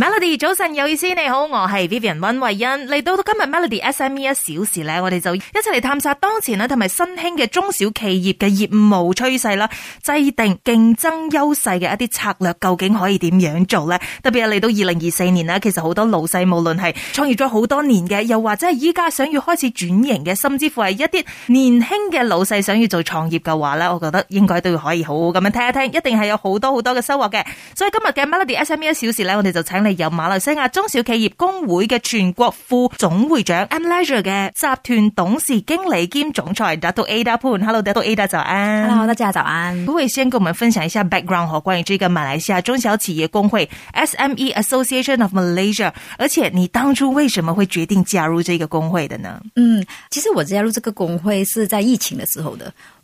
Melody 早晨，有意思你好，我係 Vivian 溫慧欣。嚟到今日 Melody SME 一小時咧，我哋就一齊嚟探索當前咧同埋新興嘅中小企業嘅業務趨勢啦，制定競爭優勢嘅一啲策略究竟可以點樣做咧？特別係嚟到二零二四年啦，其實好多老細無論係創業咗好多年嘅，又或者係依家想要開始轉型嘅，甚至乎係一啲年輕嘅老細想要做創業嘅話咧，我覺得應該都可以好好咁樣聽一聽，一定係有好多好多嘅收穫嘅。所以今日嘅 Melody SME 一小時咧，我哋就請你。由馬來西亞中小企業工會嘅全國副總會長 Am Leisure 嘅集團董事經理兼總裁達杜 Ada Poon，Hello，大家早安，Hello，大家早安。會先跟我們分享一下 background 嗬，關於這個馬來西亞中小企業工會 SME Association of Malaysia，而且你當初為什麼會決定加入這個工會的呢？嗯，其實我加入這個工會是在疫情的時候的。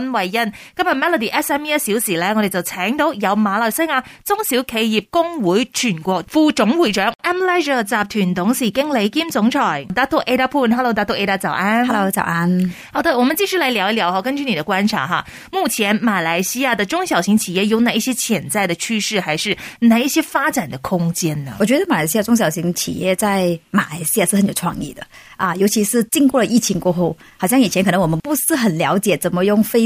溫慧欣，今日 Melody S M E 一小時呢，我哋就請到有馬來西亞中小企業公會全國副總會長 Am Leisure 集團董事經理兼總裁達都艾達潘。Hello，達都艾早安。Hello，早安。好的，我們繼續來聊一聊嗬，根據你的觀察吓，目前馬來西亞的中小型企業有哪一些潛在的趨勢，還是哪一些發展的空間呢？我覺得馬來西亞中小型企業在馬來西亞是很有創意的啊，尤其是經過了疫情過後，好像以前可能我們不是很了解，怎麼用非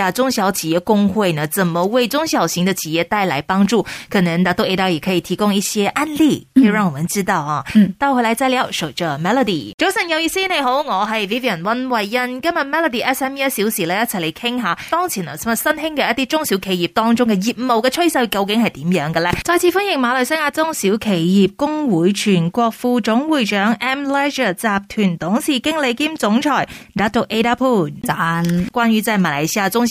中小企業公會呢，怎麼為中小型的企業帶來幫助？可能達到 A 達也可以提供一些案例，可、嗯、以讓我們知道啊。嗯，倒回來再聊守着 Melody。早晨有意思，你好，我係 Vivian 溫慧欣。今日 Melody SME 一小時咧，一齊嚟傾下當前啊，同埋新興嘅一啲中小企業當中嘅業務嘅趨勢究竟係點樣嘅咧？再次歡迎馬來西亞中小企業公會全國副總會長 M Leisure 集團董事經理兼總裁阿杜阿達潘。Leisure, Edapu, 讚！關於在馬來西亞中小